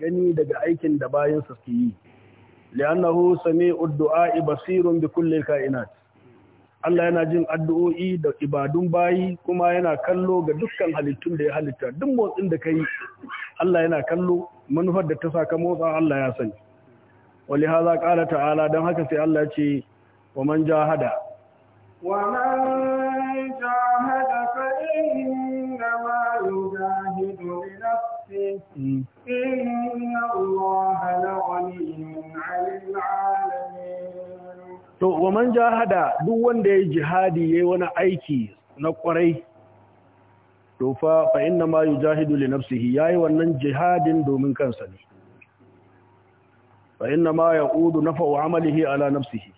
gani daga aikin da bayansa su yi li'annahu sami'ud du'a'i basirun bi kulli kainat Allah yana jin addu'o'i da ibadun bayi kuma yana kallo ga dukkan halittun da ya halitta duk motsin da kai Allah yana kallo manufar da ta saka motsa Allah ya sani li hadha qala ta'ala dan haka sai Allah ya ce wa man jahada wa man jahada fa inna To, wa man jihada duk wanda ya jihadi yayi wani aiki na kwarai to fa fa inna ma yujahidu li nafsihi yayi wannan jihadin domin kansa ne fa inna ma yaqudu nafa'u amalihi ala nafsihi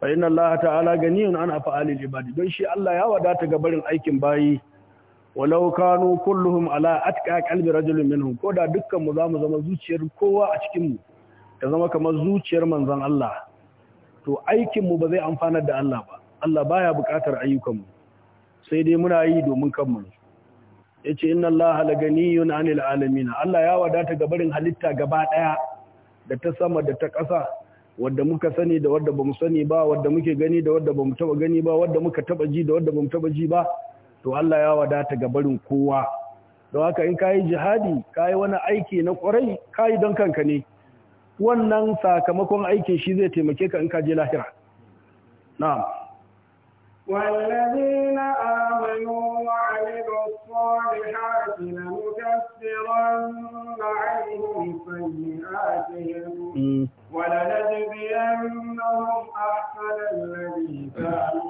fa inna Allah ta'ala ganiyun an af'alil ibadi don shi Allah ya wadata ga barin aikin bayi walau kanu kulluhum ala atqa qalbi rajulin minhum ko da dukkan mu zamu zama zuciyar kowa a cikin mu ta zama kamar zuciyar manzon Allah to aikin mu ba zai amfana da Allah ba Allah baya buƙatar ayyukan mu sai dai muna yi domin kanmu yace inna Allah ganiyun anil alamin Allah ya wadata gabarin halitta gaba daya da ta sama da ta ƙasa wadda muka sani da wadda bamu sani ba wadda muke gani da wadda bamu taba gani ba wadda muka taba ji da wadda bamu taba ji ba to Allah ya wadata ga barin kowa don haka in kayi jihadi kayi wani aiki na kwarai kayi don kanka ne wannan sakamakon aikin shi zai taimake ka in ka je lahira na'am والذين آمنوا وعملوا الصالحات لنكفرن عنهم سيئاتهم ولنجزينهم أحسن الذي كانوا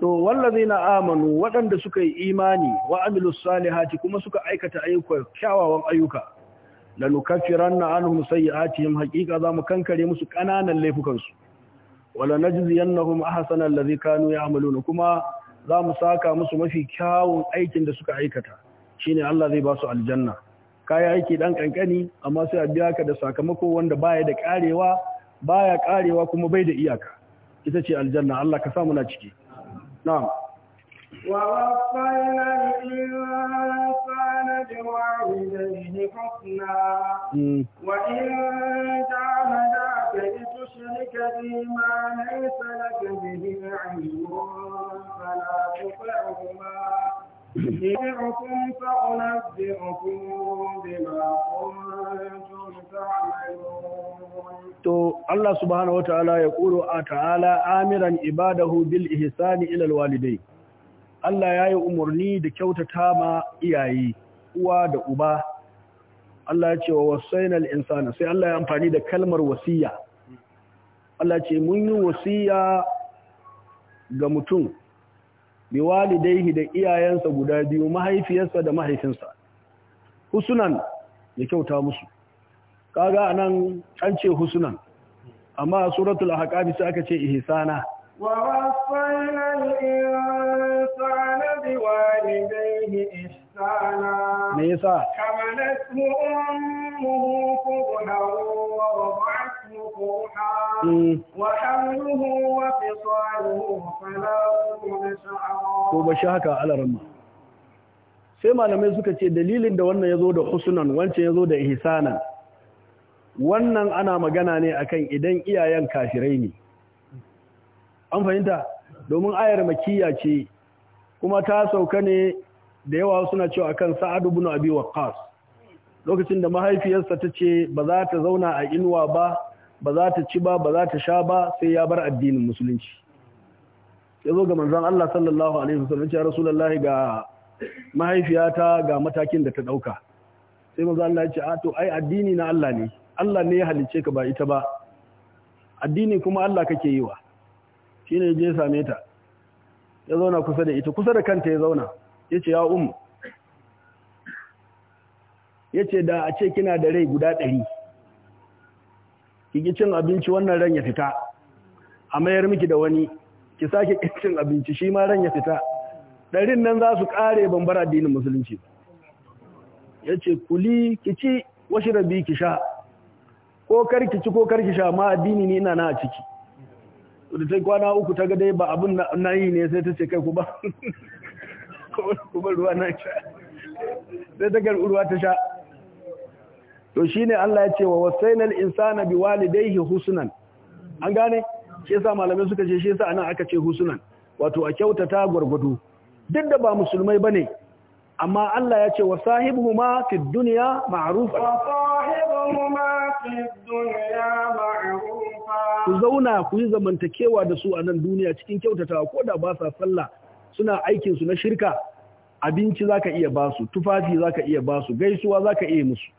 to na amanu waɗanda suka yi imani wa amilu salihati kuma suka aikata ayyuka kyawawan ayyuka na anhum sayyi'atihim haqiqa mu kankare musu kananan laifukan su wala najziyannahum ahsana allazi kanu ya'malun kuma za mu saka musu mafi kyawun aikin da suka aikata shine Allah zai ba su aljanna kai aiki dan kankani amma sai a biya ka da sakamako wanda baya da karewa baya karewa kuma bai da iyaka ita ce aljanna Allah ka samu na ciki نعم ووصينا الإنسان بوالديه حسنا وإن جاهداك لتشرك بي ما ليس لك به علم فلا تطعهما to allah بما كنتم تعملون تو الله سبحانه وتعالى يقول تعالى آمرا عباده بالإحسان إلى الوالدين Allah ya yi umarni da kyautata ma iyaye, uwa da uba, Allah ya ce wa wasainal insana sai Allah ya amfani da kalmar wasiya. Allah ce mun yi wasiya ga mutum bi walidaihi da iyayensa guda biyu mahaifiyarsa da mahaifinsa husunan ya kyauta musu kaga anan an ce husunan amma suratul ahqaf sai aka ce ihsana wa wasayna al-insana bi ihsana me yasa wa مفتوحا ba shi haka alaran sai malamai suka ce dalilin da wannan zo da husunan wancan ya zo da ihsanan wannan ana magana ne akan idan iyayen kafirai ne an fahimta domin ayar makiya ce kuma ta sauka ne da yawa suna cewa akan sa'ad ibn abi waqqas lokacin da mahaifiyarsa ta ce ba za ta zauna a inuwa ba ba za ta ci ba ba za ta sha ba sai ya bar addinin musulunci ya zo ga Manzan Allah sallallahu alaihi wasallam ya rasulallah ga mahaifiyata ga matakin da ta dauka sai Manzan Allah ya ce a to ai addini na Allah ne Allah ne ya halice ka ba ita ba addini kuma Allah kake yi wa Shi ne je same ta ya zauna kusa da ita kusa da kanta ya zauna ya ce ya umu ya ce da a ce kina da rai guda ɗari kiki cin abinci wannan ran ya fita a mayar miki da wani ki sake cin abinci shi ma ran ya fita ɗarin nan za su ƙare bambar addinin musulunci ya ce kuli ki ci washi rabi ki sha ko kar ki ci ko kar ki sha ma addini ne ina na a ciki da ta kwana uku ta ga dai ba abin na yi ne sai ta ce kai ku ba ruwa na sha sai ta ruwa ta sha to shine Allah ya ce wa wasainal insana walidayhi husnan an gane shi yasa malamai suka ce shi yasa anan aka ce husnan wato a kyautata gurgudu duk da ba musulmai bane amma Allah ya ce wa sahibuhuma fid dunya ma'rufa wa sahibuhuma fid dunya ma'rufa ku zauna ku yi zamantakewa da su a nan duniya cikin kyautatawa ko da ba sa sallah suna aikin su na shirka abinci zaka iya ba su tufafi zaka iya ba su gaisuwa zaka iya musu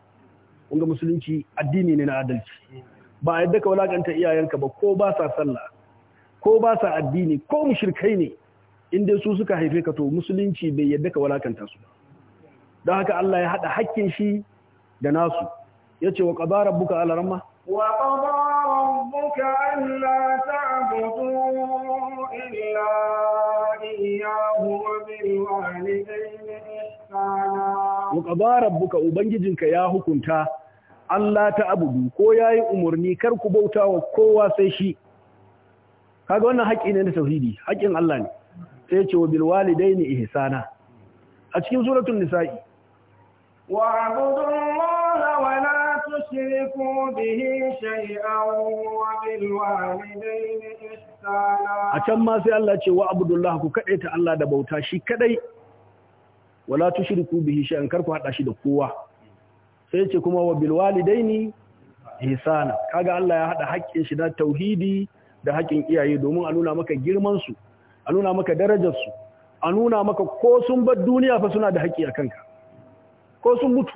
Kunga musulunci addini ne na adalci ba a yadda ka walaƙanta iyayenka ba ko ba sa sallah ko ba sa addini ko mushrikai ne inda su suka haife ka to musulunci bai yadda ka walaƙanta su don haka Allah ya haɗa hakkin shi da nasu yace wa qadara rabbuka ala rahma wa qadara rabbuka alla ta'budu illa iyyahu wa bil walidayni ihsana wa rabbuka ubangijinka ya hukunta Allah ta abudu ko ya yi umarni kar ku bauta wa kowa sai shi kaga wannan haƙƙi ne na tauhidi haƙƙin Allah ne sai ce wa bil walidaini ihsana a cikin suratul nisa'i wa abudullaha wa la tushriku bihi shay'an wa bil walidaini ihsana a can ma sai Allah ce wa abudullaha ku kadaita Allah da bauta shi kadai wala tushriku bihi shay'an kar ku hada shi da kowa sai ce kuma wa bil walidaini ihsana kaga Allah ya hada haƙƙin shi na tauhidi da haƙƙin iyaye domin a nuna maka girman su a nuna maka darajar su a nuna maka ko sun bar duniya fa suna da haƙƙi a kanka ko sun mutu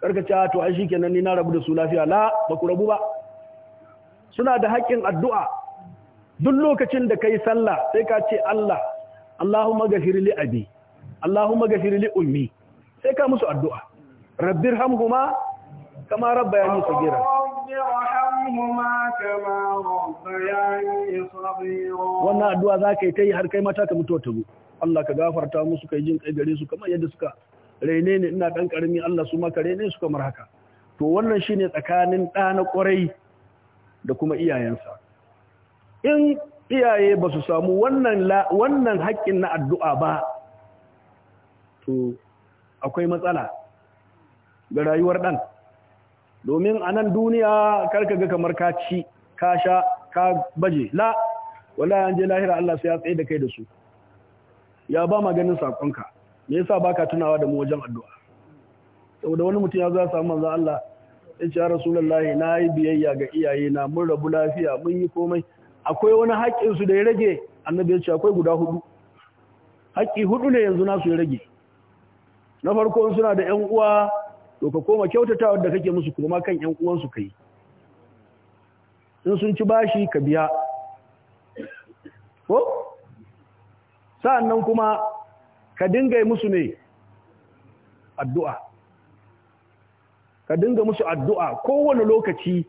karkace ah, to ai shikenan ni na rabu da su lafiya la ba ku rabu ba suna da haƙƙin addu'a duk lokacin da kai sallah sai ka ce Allah Allahumma ghafir abi Allahumma ghafir ummi sai ka musu addu'a rabbir hamhuma kama rabba ya yi sagira wannan addu'a za ka yi ta yi har kai mata ka mutuwa tagu Allah ka gafarta musu kai jin kai gare su kamar yadda suka raine ne ina ɗan karami Allah su maka raine su kamar haka to wannan shine tsakanin ɗa na ƙwarai da kuma iyayensa in iyaye ba su samu wannan haƙƙin na addu'a ba to akwai matsala ga rayuwar ɗan domin a nan duniya karka ga kamar ka ci ka sha ka baje la wala an je lahira Allah sai ya tsaye da kai da su ya ba maganin saƙonka. me yasa baka tunawa da mu wajen addu'a saboda wani mutum ya zo ya samu manzo Allah ya ce ya rasulullahi na yi biyayya ga iyaye na mun rabu lafiya mun yi komai akwai wani haƙƙin su da ya rage annabi ya ce akwai guda hudu haƙƙi hudu ne yanzu nasu ya rage na farko suna da ƴan uwa to ka koma kyautatawa da kake musu kuma kan ƴan uwansu kai in sun ci bashi ka biya ko sa'annan kuma ka dinga musu ne addu'a ka dinga musu addu'a kowane lokaci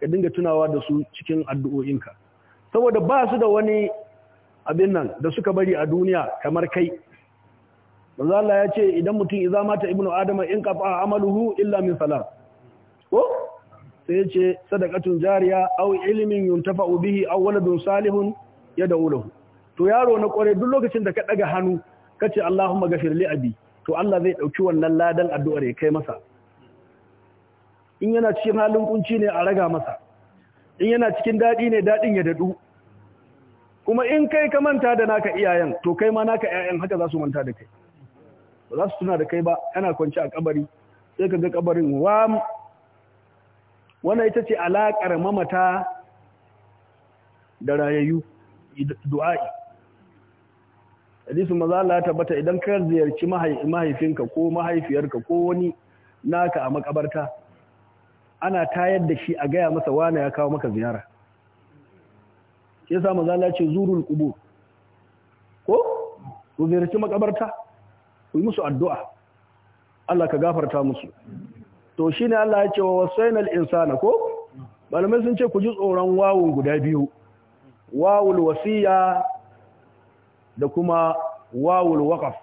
ka dinga tunawa da su cikin addu'o'inka saboda ba su da wani abin nan da suka bari a duniya kamar kai manzo Allah ya ce idan mutum idza mata ibnu adama in qafa amaluhu illa min salat ko sai ya ce sadaqatun jariya aw ilmin yuntafa'u bihi aw waladun salihun yad'u lahu to yaro na kware duk lokacin da ka daga hannu kace Allahumma ghafir li abi to Allah zai ɗauki wannan ladan addu'ar ya kai masa in yana cikin halin kunci ne a raga masa in yana cikin dadi ne dadin ya dadu kuma in kai ka manta da naka iyayen to kai ma naka iyayen haka za su manta da kai ba za su tuna da kai ba kana kwanci a kabari sai ka ga kabarin wam wannan ita ce alaƙar mamata da rayayyu du'a'i hadisin maza Allah ya tabbata idan ka ziyarci mahaifinka ko mahaifiyarka ko wani naka a makabarta ana tayar da shi a gaya masa wane ya kawo maka ziyara shi sa maza Allah ya ce zurul ko ku ziyarci makabarta ku yi musu addu'a Allah ka gafarta musu to shi ne Allah ya ce wa wasainal insana ko malamai sun ce ku ji tsoron wawun guda biyu wawul wasiya da kuma wawul waƙaf.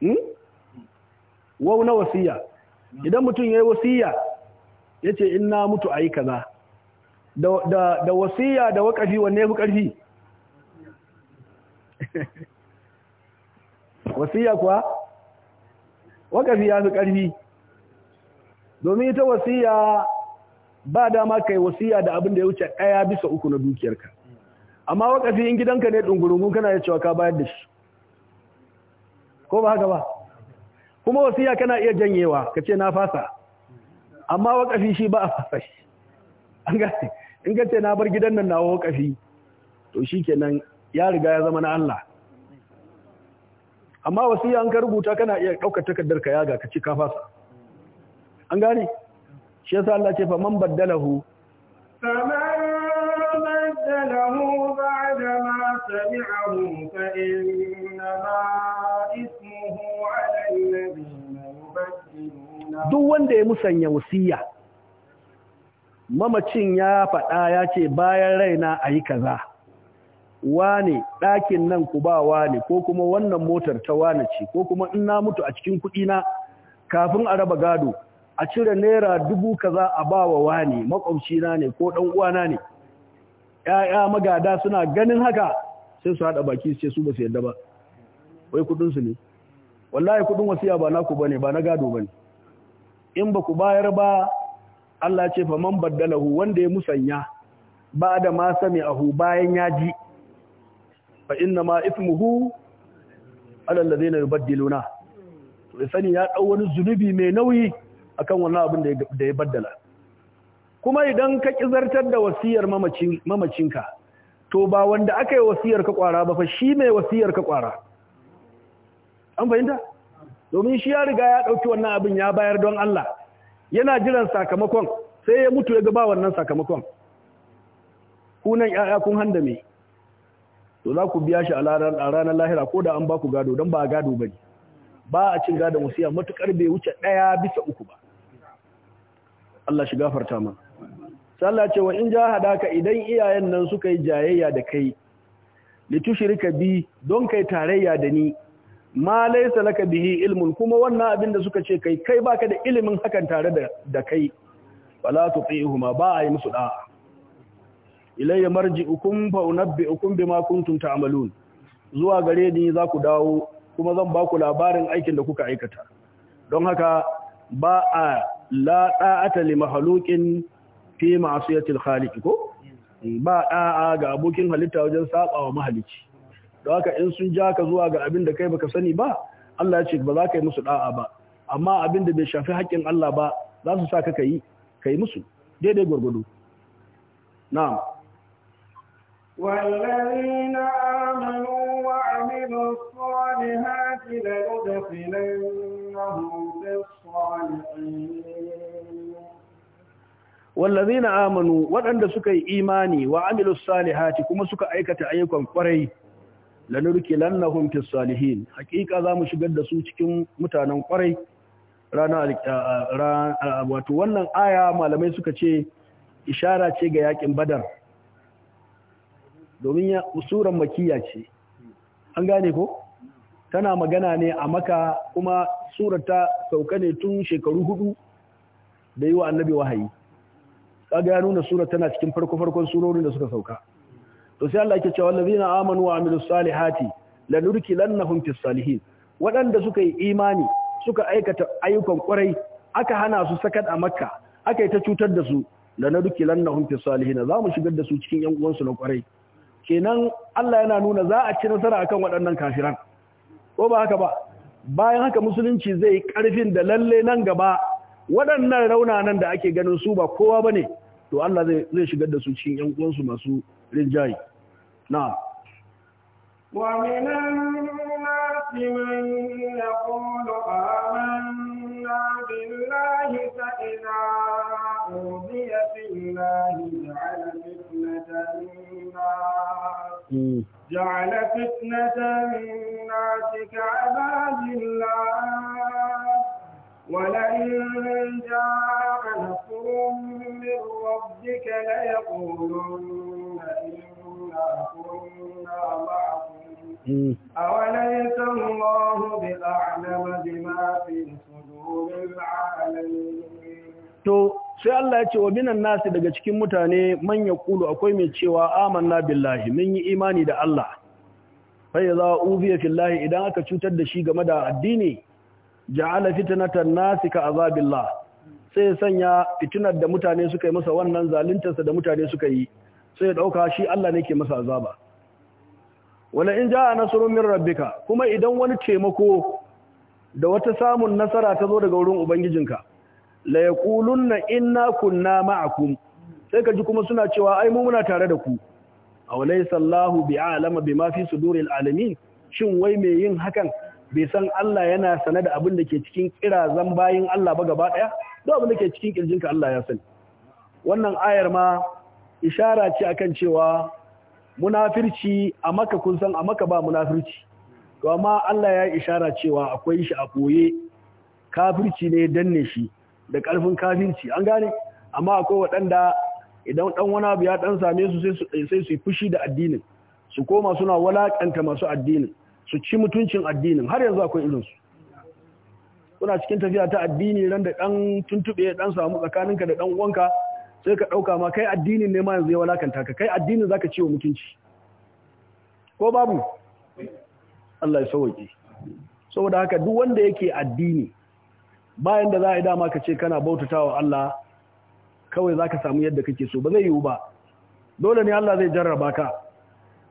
hmm? na wasiya idan mutum ya yayi wasiya ce in na mutu a yi kaza da da, wasiya da waƙafi wanne ya fi ƙarfi? wasiya kuwa wakafi ya fi ƙarfi domin ita wasiya ba dama kai wasiya da abin da ya wuce ɗaya bisa uku na dukiyarka amma wakafi in gidanka ne ɗungurungun kana ya cewa ka bayar da shi ko ba haka ba kuma wasiya kana iya janyewa ka ce na fasa amma wakafi shi ba a fasa shi an gasi in ka ce na bar gidan nan na wakafi to shi kenan ya riga ya zama na Allah amma wasiya an ka rubuta kana iya ɗaukar takardar ka yaga ka ci ka fasa an gane shi yasa Allah ce fa man baddalahu faman baddalahu ba'da ma sami'ahu fa inna ma ismuhu 'ala alladhina yubaddiluna duk wanda ya musanya wasiya mamacin ya faɗa ya ce bayan raina ayi kaza wane ɗakin nan ku ba wane ko kuma wannan motar ta wane ce ko kuma in na mutu a cikin kuɗi na kafin a raba gado a cire naira dubu kaza a ba wa wane makwabcina ne ko ɗan uwana ne ‘ya'ya magada suna ganin haka sai su haɗa baki su ce su ba su yadda ba wai kuɗinsu ne wallahi kuɗin wasiya ba naku ba ne ba na gado ba ne in ba ku bayar ba Allah ce fa man baddalahu wanda ya musanya ba da ma sami ahu bayan ya ji fa inna ma ismuhu ala alladhina yubaddiluna to sani ya dau wani zunubi mai nauyi akan wannan abin da ya baddala kuma idan ka kizartar da wasiyar mamacinka to ba wanda aka yi wasiyar ka kwara ba fa shi mai wasiyar ka kwara an fahimta domin shi ya riga ya dauki wannan abin ya bayar don Allah yana jiran sakamakon sai ya mutu ya ga ba wannan sakamakon kunan 'ya'ya kun handame to za ku biya shi a ranar lahira ko da an ba ku gado don ba a gado ba ne ba a cin gadon wasiya matukar bai wuce ɗaya bisa uku ba Allah shi gafarta ma sallah ce wa in ja hadaka idan iyayen nan suka yi jayayya da kai tushrika bi don kai tarayya da ni ma laysa laka bihi ilmun kuma wannan abin da suka ce kai kai baka da ilimin hakan tare da kai wala tuqihuma ba a yi musu da'a ilayya marji'ukum fa unabbi'ukum bima kuntum ta'malun zuwa gare ni za ku dawo kuma zan ba ku labarin aikin da kuka aikata don haka ba a la da'ata li mahluqin fi ma'siyatil khaliq ko ba da'a ga abokin halitta wajen saba wa mahalici don haka in sun ja ka zuwa ga abin da kai baka sani ba Allah ya ce ba za ka yi musu da'a ba amma abin da bai shafi haƙƙin Allah ba za su sa ka kai kai musu daidai gurgudu na'am والذين آمنوا وعملوا الصالحات لندخلنهم في الصالحين والذين آمنوا وعند سكي إيماني وعملوا الصالحات كما سكي أيكة أيكم قري lanurkilannahum fis salihin hakika zamu shigar da su cikin mutanen kwarai rana wato wannan aya malamai suka ce ishara ce ga yakin badar domin ya usuran makiya ce an gane ko tana magana ne a maka kuma surar ta sauka ne tun shekaru hudu da yi wa annabi wahayi kaga ya nuna surar tana cikin farko farkon surorin da suka sauka to sai Allah yake cewa allazina amanu wa amilus salihati lanahum fis salihin waɗanda suka yi imani suka aikata ayyukan kwarai aka hana su sakat a makka aka yi ta cutar da su lanahum fis salihin za mu shigar da su cikin yan uwansu na kwarai kenan Allah yana nuna za a ci nasara akan waɗannan kafiran ko ba haka ba bayan haka musulunci zai yi ƙarfin da lalle nan gaba waɗannan raunanan da ake ganin su ba kowa bane to Allah zai shigar da su cikin ƴan uwansu masu rinjayi na wa minan nasi man yaqulu amanna billahi fa udiya ja'ala fitnatan الناس جعل فتنة الناس كعباد الله ولئن جاء نصر من ربك ليقولن إنا كنا معكم أوليس الله بأعلم بما في صدور العالمين sai Allah ya ce wa minan nasi daga cikin mutane manyan Kulu akwai mai cewa amanna billahi mun yi imani da Allah fa yaza ubiya fillahi idan aka cutar da shi game da addini ja'ala fitnatan nasi ka azabillah sai sanya fitinar da mutane suka yi masa wannan sa da mutane suka yi sai ya dauka shi Allah ne ke masa azaba wala in ja'a nasrun min rabbika kuma idan wani taimako da wata samun nasara ta zo daga wurin ubangijinka la yaqulunna inna kunna ma'akum sai ka ji kuma suna cewa ai mu muna tare da ku aw laysa Allahu bi'alama bima fi suduril alamin shin wai me yin hakan bai san Allah yana sane da abin da ke cikin kirazan bayin Allah ba gaba daya duk abin da ke cikin kirjinka Allah ya sani wannan ayar ma ishara ce akan cewa munafirci a maka kun san a maka ba munafirci to amma Allah ya ishara cewa akwai shi a koye kafirci ne danne shi da ƙarfin kafirci an gane amma akwai waɗanda idan ɗan wani abu ya ɗan same su sai su yi fushi da addinin su koma suna walaƙanta masu addinin su ci mutuncin addinin har yanzu akwai irinsu kuna cikin tafiya ta addini ran da ɗan tuntuɓe ɗan samu tsakaninka da ɗan uwanka sai ka ɗauka ma kai addinin ne ma yanzu ya walaƙanta ka kai addinin zaka wa mutunci ko babu Allah ya sauke saboda haka duk wanda yake addini bayan da za a yi dama ka ce kana wa Allah kawai za ka samu yadda kake so ba zai yiwu ba dole ne Allah zai jarraba ka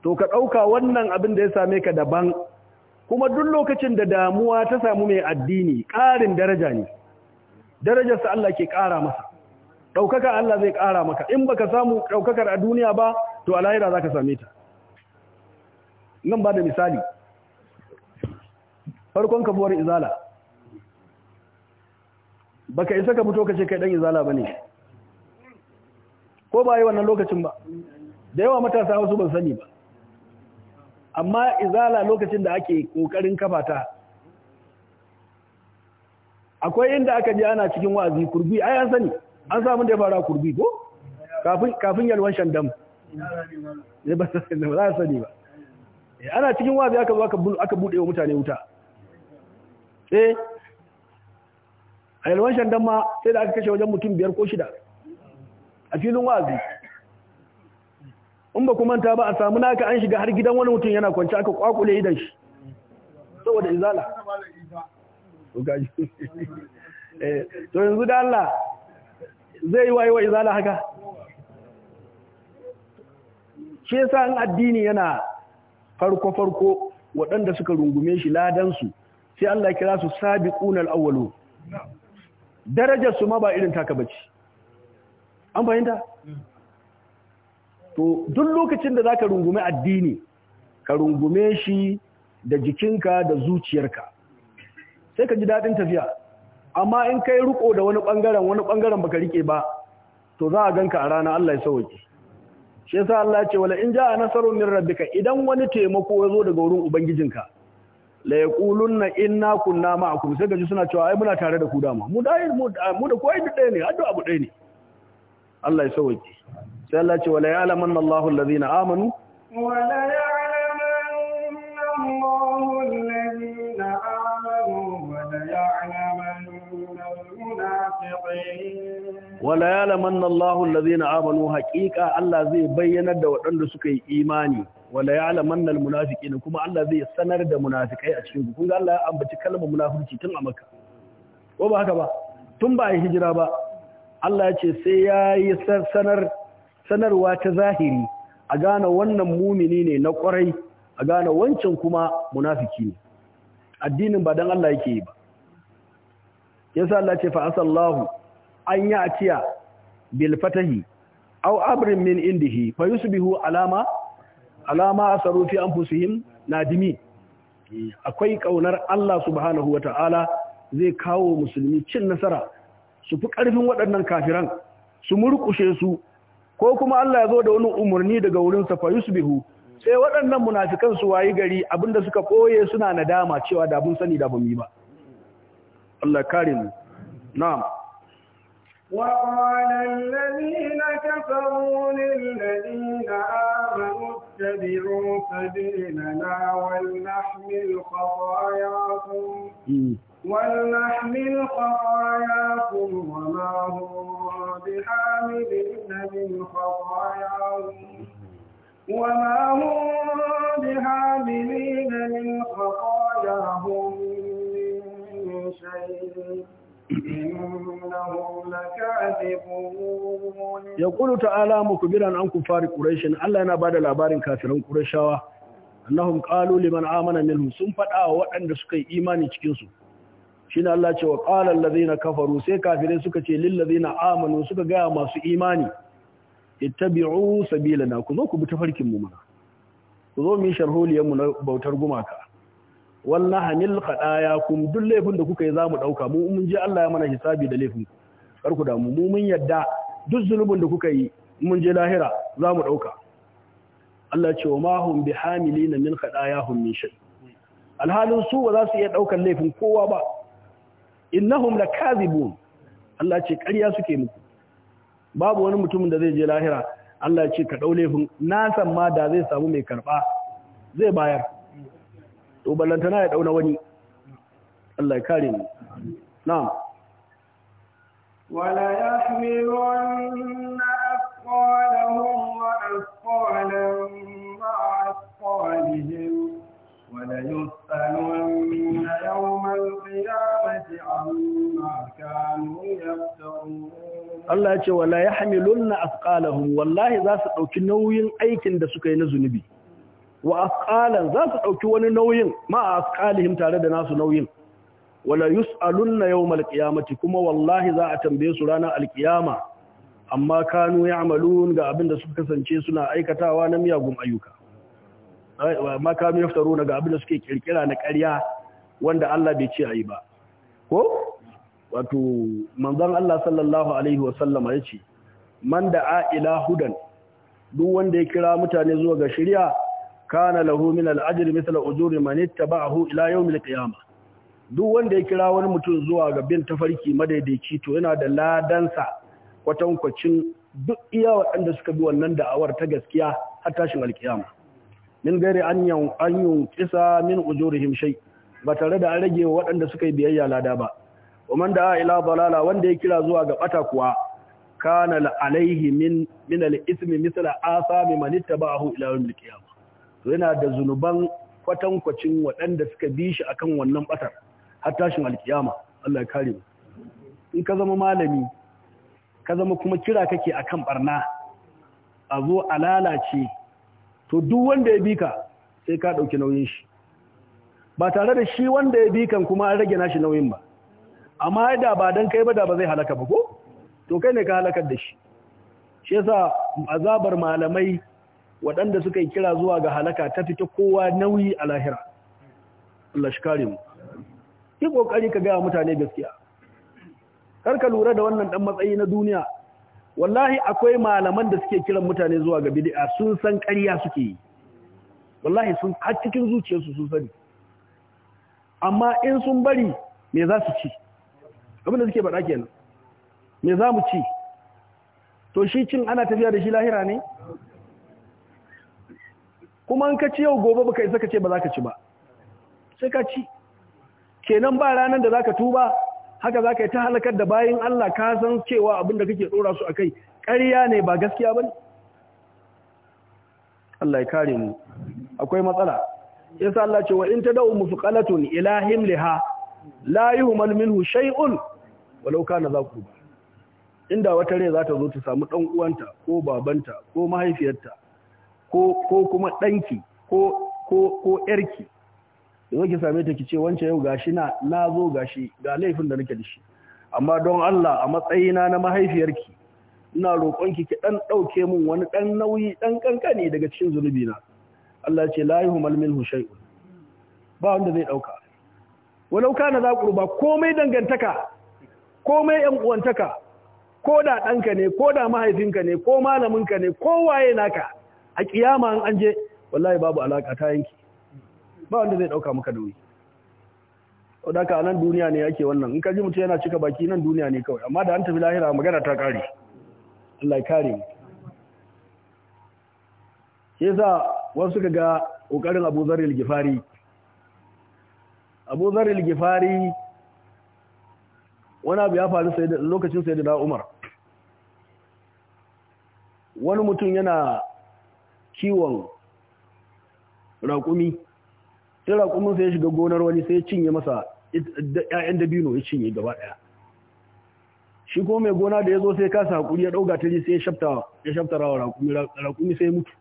to ka ɗauka wannan abin da ya same ka daban kuma duk lokacin da damuwa ta samu mai addini ƙarin daraja ne darajarsa Allah ke ƙara masa ɗaukaka Allah zai ƙara maka in ba ka samu ɗaukakar a duniya ba to a lahira za ka same ta nan ba da misali farkon kafuwar izala baka isa ka fito ka ce kai dan izala bane ko ba yi wannan lokacin ba da yawa matasa wasu ban sani ba amma izala lokacin da ake kokarin kafata akwai inda aka ji ana cikin wa'azi kurbi ai an sani an samu da ya fara kurbi ko kafin kafin yalwan shandam ne eh, ba za sani ba eh, ana cikin wa'azi aka zo aka bude wa mutane wuta eh a yalwan shandan ma sai da aka kashe wajen mutum biyar ko shida a filin wa'azi in ba kuma ta ba a samu naka an shiga har gidan wani mutum yana kwanci aka kwakule idan shi saboda izala eh, to yanzu da Allah zai yi wa izala haka shi yasa in addini yana farko farko waɗanda suka rungume shi ladansu sai Allah kira su sabiqunal awwalun darajar su ma ba irin taka bace an fahimta to duk lokacin da zaka rungume addini ka rungume shi da jikinka da zuciyarka sai ka ji daɗin tafiya amma in kai riko da wani bangaren wani bangaren baka rike ba to za a ganka a rana Allah ya sauke shi yasa Allah ya ce wala in ja'a nasarun min rabbika idan wani taimako ya zo daga wurin ubangijinka la yaqulunna inna kunna ma'akum sai gaji suna cewa ai muna tare da ku dama mu dai mu da koyi duk ɗaya ne addu abu ɗaya ne Allah ya sauke sai Allah ce wala ya'lamanna Allahu allazina amanu wala ya'lamanna Allahu allazina amanu wala ya'lamanna al-munafiqin wala ya'lamanna Allahu allazina amanu haqiqa Allah zai bayyana da waɗanda suka yi imani wala ya'lamanna almunafiqin kuma Allah zai sanar da munafikai a cikin kun ga Allah ya ambaci kalmar munafiki tun a Makka ko ba haka ba tun ba yi hijira ba Allah ya ce sai yayi sanar sanarwa ta zahiri a gane wannan mumini ne na kwarai a gane wancan kuma munafiki ne addinin ba dan Allah yake yi ba yasa Allah ce fa asallahu an atiya bil fatahi aw amrin min indihi fa yusbihu alama alama asaru fi anfusihim nadimi akwai kaunar Allah subhanahu wata'ala zai kawo musulmi cin nasara su fi karfin waɗannan kafiran su murkushe su ko kuma Allah ya zo da wani umarni daga wurin sa fa yusbihu sai waɗannan munafikan su wayi gari abinda suka koye suna nadama cewa da mun sani da bamu yi ba Allah kare mu na'am وقال الذين كفروا للذين آمنوا اتبعوا سبيلنا ولنحمل خطاياكم ولنحمل خطاياكم وما هم بحاملين من خطاياهم وما هم بحاملين من خطاياهم من شيء ya kulu ta'ala mukbiran an kufari quraish Allah yana ba da labarin kafiran qurayshawa annahum qalu liman amana minhum sun fada wa waɗanda suka yi imani cikinsu. su shine Allah ce wa qala na kafaru sai kafirai suka ce lil ladina amanu suka ga masu imani ittabi'u sabilana ku zo ku bi tafarkin mu mana ku zo mu sharholiyan mu na bautar gumaka wallahi nil qadaya kum duk laifin da kuka yi zamu dauka mu mun je Allah ya mana hisabi da laifin kar ku damu mu mun yadda duk zulubin da kuka yi mun je lahira zamu dauka Allah ce wa ma hum min qadayahum min shay alhalin su ba za su iya daukan laifin kowa ba innahum lakazibun Allah ce ƙarya suke muku babu wani mutumin da zai je lahira Allah ce ka ɗau laifin na san ma da zai samu mai karɓa zai bayar to ballantana ya dauna wani Allah ya kare mu na'am wala yahmilunna aqwalahum wa aqwalan ma aqwalihim wala yusalunna yawm al-qiyamati amma kanu yaftarun Allah ya ce wala yahmilunna aqwalahum wallahi za su dauki nauyin aikin da suka yi na zunubi wa asqalan za su dauki wani nauyin ma asqalihim tare da nasu nauyin wala yus'alunna yawmal qiyamati kuma wallahi za a tambaye su ranar alkiyama amma kanu ya'malun ga abin suka kasance suna aikatawa na miyagun ayyuka amma kanu yaftaruna ga abin da suke kirkira na ƙarya wanda Allah bai ce ayi ba ko wato manzon Allah sallallahu alaihi wa sallama yace man da'a ila hudan duk wanda ya kira mutane zuwa ga shari'a kana lahu min al-ajri mithla ujuri man ittaba'ahu ila yawm al-qiyamah duk wanda ya kira wani mutum zuwa ga bin tafarki madaidaici to yana da ladansa kwatankwacin duk iya waɗanda suka bi wannan da'awar ta gaskiya har tashin alkiyama min gairi an yun kisa min ujurihim shay ba tare da an rage wa waɗanda suka yi biyayya lada ba ومن da ila dalala wanda ya kira zuwa ga bata kuwa kana alaihi min min al-ithmi mithla asami man ittaba'ahu ila yawm al-qiyamah yana da zunuban kwatankwacin waɗanda suka bi shi akan wannan batar har tashin alkiyama Allah ya kare mu in ka zama malami ka zama kuma kira kake akan barna a zo a lalace to duk wanda ya bi ka sai ka ɗauki nauyin shi ba tare da shi wanda ya bi kan kuma an rage nashi nauyin ba amma da ba dan kai ba da ba zai halaka ba ko to kai ne ka halakar da shi shi yasa azabar malamai waɗanda suka yi kira zuwa ga halaka ta fita kowa nauyi a lahira Allah shi kare mu yi kokari ka gaya mutane gaskiya kar ka lura da wannan ɗan matsayi na duniya wallahi akwai malaman da suke kiran mutane zuwa ga bid'a sun san ƙarya suke yi wallahi sun har cikin zuciyarsu sun sani amma in sun bari me za su ci abin da suke faɗa kenan me za mu ci to shi cin ana tafiya da shi lahira ne kuma in ka ci yau gobe baka isa ka ce ba za ka ci ba sai ka ci kenan ba ranar da za ka tuba haka za ka yi ta halakar da bayan Allah ka san cewa abin da kake ɗora su a kai ƙarya ne ba gaskiya ba ne Allah ya kare mu akwai matsala sa Allah ce wa in tadau mufqalatun ilahim liha la yuhmal minhu shay'un walau kana ba inda wata rai za ta zo ta samu dan uwanta ko babanta ko mahaifiyarta ko kuma ɗanki ko ko ko yarki ki same ta ki ce wancan yau gashi na na zo gashi ga laifin da nake da shi amma don Allah a matsayina na mahaifiyarki ina roƙon ki ɗan ɗauke min wani ɗan nauyi ɗan kankane daga cikin zunubi na Allah ce la yuhmal minhu shay'un ba wanda zai ɗauka. walau na za ku ruba komai dangantaka komai yan uwantaka ko da danka ne ko da mahaifinka ne ko malaminka ne ko waye naka a kiyama an anje wallahi babu alaka ta yanki ba wanda zai dauka maka nauyi ka nan duniya ne yake wannan in ka ji mutum yana cika baki nan duniya ne kawai amma da an tafi lahira magana ta kare Allah ya kare mu shi yasa wasu kaga ga kokarin Abu Zarril Gifari Abu Zarril Gifari wani abu ya faru lokacin sai da Umar wani mutum yana kiwon raƙumi sai raƙumin sai ya shiga gonar wani sai ya cinye masa ‘ya'yan dabino ya cinye gaba ɗaya shi ko mai gona da ya zo sai kasa haƙuri ya ɗauka ta ji sai ya shaftara wa raƙumi sai mutu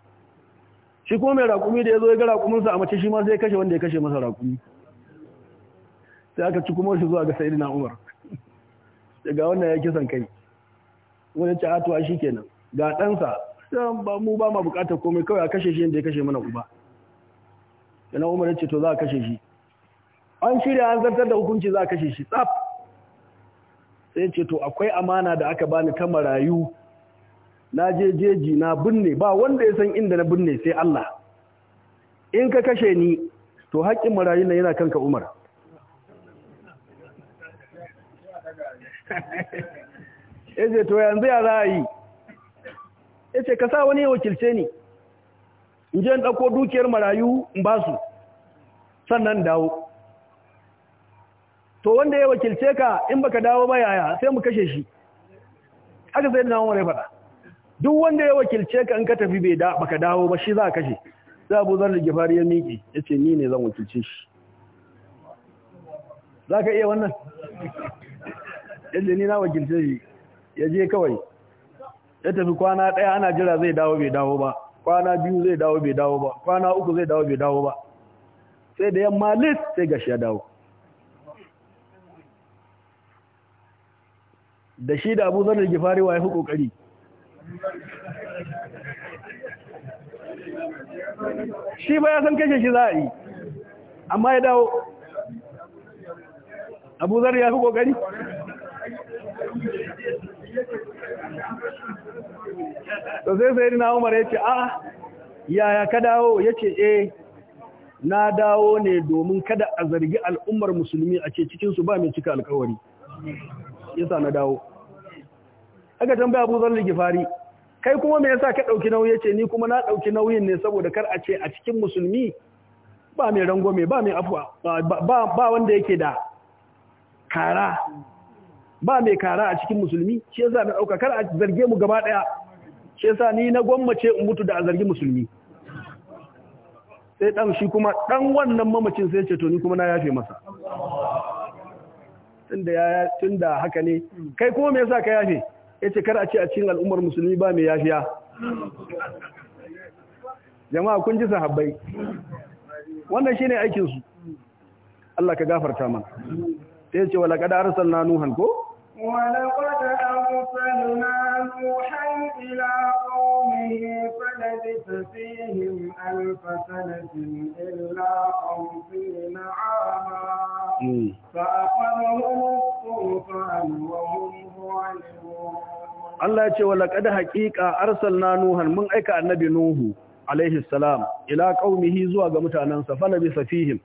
shi ko mai raƙumi da ya zo ya ga raƙuminsa a mace shi ma sai kashe wanda ya kashe masa raƙumi sai aka ci kuma shi zuwa ga sai na umar daga wannan ya kisan kai wani ci atuwa shi kenan ga ɗansa ba mu ba ma bukatar komai kawai a kashe shi yadda ya kashe mana uba yana umar ya ce to za a kashe shi an shirya an zartar da hukunci za a kashe shi tsaf sai ce to akwai amana da aka bani ta marayu na je jeji na binne ba wanda ya san inda na binne sai Allah in ka kashe ni to haƙƙin marayu na yana kanka umar Eze to yanzu ya za a yi ya ce ka sa wani ya wakilce ni in je in ɗauko dukiyar marayu in ba su sannan dawo to wanda ya wakilce ka in baka dawo ba yaya sai mu kashe shi haka sai na umar fada duk wanda ya wakilce ka in ka tafi bai da baka dawo ba shi za a kashe a buzar da Gifari ya miƙe yace ni ne zan wakilce shi za ka iya wannan yace ni na wakilce shi ya je kawai ya tafi kwana ɗaya ana jira zai dawo bai dawo ba kwana biyu zai dawo bai dawo ba kwana uku zai dawo bai dawo ba sai da yamma lis sai gashi ya dawo da shi da abubuwan da gifari wa ya fi ƙoƙari shi ba ya san kashe shi za a yi amma ya dawo abubuwan ya fi ƙoƙari to sai sai na umar ya ce a ah, yaya ka dawo ya ce eh na dawo ne domin kada a zargi al'ummar musulmi a ce cikinsu ba mai cika alkawari yasa na dawo aka tambaya abu zan gifari kai kuma me yasa ka ɗauki nauyi ya ni kuma na ɗauki nauyin ne saboda kar a ce a cikin musulmi ba mai rangwame ba mai afuwa ba wanda yake da kara ba mai kara a cikin musulmi shi yasa na dauka kar a zarge mu gaba daya shi yasa ni na gwammace in mutu da a zargi musulmi sai dan shi kuma dan wannan mamacin sai ce to ni kuma na yafe masa tunda ya tunda haka ne kai kuma me yasa ka yafe yace kar a ce a cikin al'ummar musulmi ba mai yafiya jama'a kun ji sahabbai wannan shine aikin su Allah ka gafarta mana sai ya ce wala kada arsalna nuhan ko ولقد أرسلنا نوحا إلى قومه فلبث فيهم ألف سنة إلا خمسين عاما فأخذهم الطوفان وهم ظالمون Allah ya ce wa laqad haqiqa arsalna nuhan mun aika annabi nuhu alaihi salam ila qaumihi zuwa ga mutanansa falabi safihim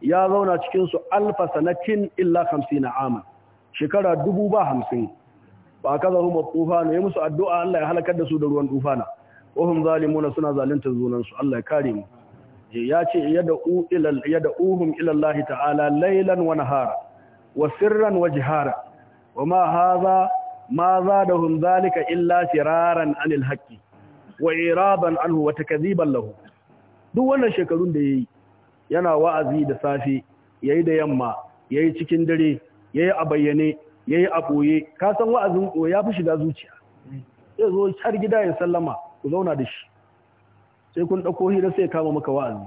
ya zauna cikin su alfa sanatin illa 50 ama shekara dubu ba hamsin ba ka huma tufana ya musu addu'a Allah ya halakar da su da ruwan tufana wahum zalimuna suna zalunta zunan su Allah ya kare mu ya ce yada uhun ilallahi ta'ala laylan wa nahara wa sirran wa jihara wa ma hadha ma zadahum zalika illa firaran anil haƙƙi. wa iraban anhu wa takdhiban lahu duk wannan shekarun da yayi yana wa'azi da ya yayi da yamma yayi cikin dare yayi a bayyane yayi a ɓoye ka san wa'azin ɓoye ya fi shiga zuciya sai zo har gida ya sallama ku zauna da shi sai kun ɗauko hira sai kama maka wa'azi